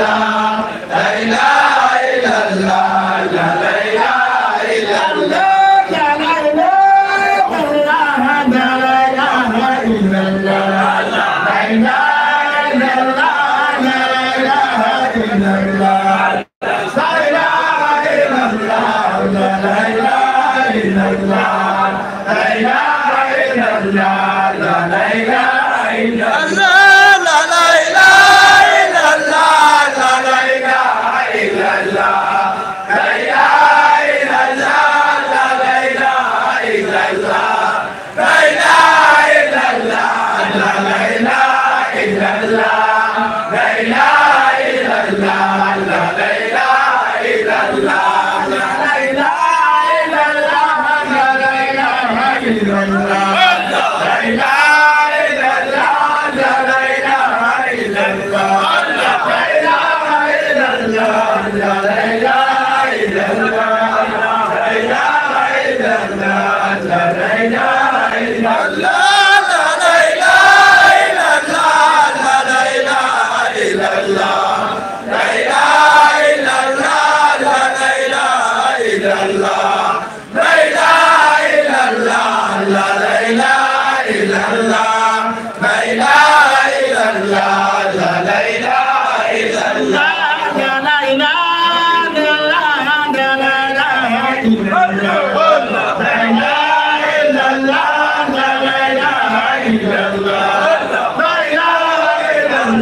Allah لا لا الله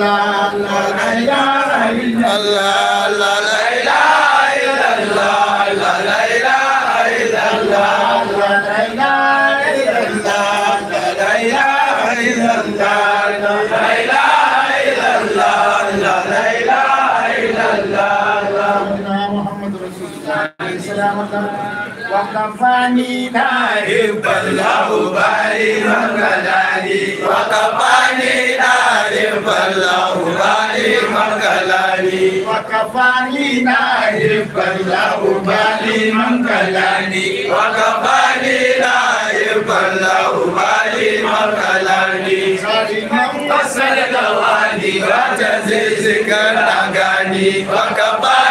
الله لا اله الا الله لا اله الا الله لا اله الا الله لا اله الا الله لا اله الا الله لا اله الا الله لا اله الا الله محمد رسول الله سلام الله wakafanina himpallahu bari mangalani wakafanina himpallahu bari mangalani wakafanina himpallahu bari mangalani wakafanina himpallahu bari mangalani sarinam pasal dawani raja zizikan angani wakafanina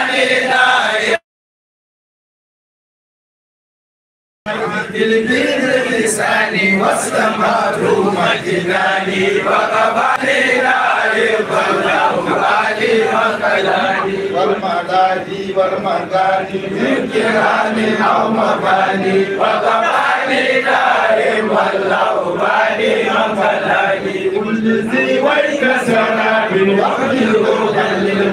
بالبر لساني واستمرت مجناني وقبلنا رضا الله علي وقلاني والمدادي والمدادي من كرام أو مباني وقبلنا رضا الله علي وقلاني كل ذي ويكسر من وقت الغرب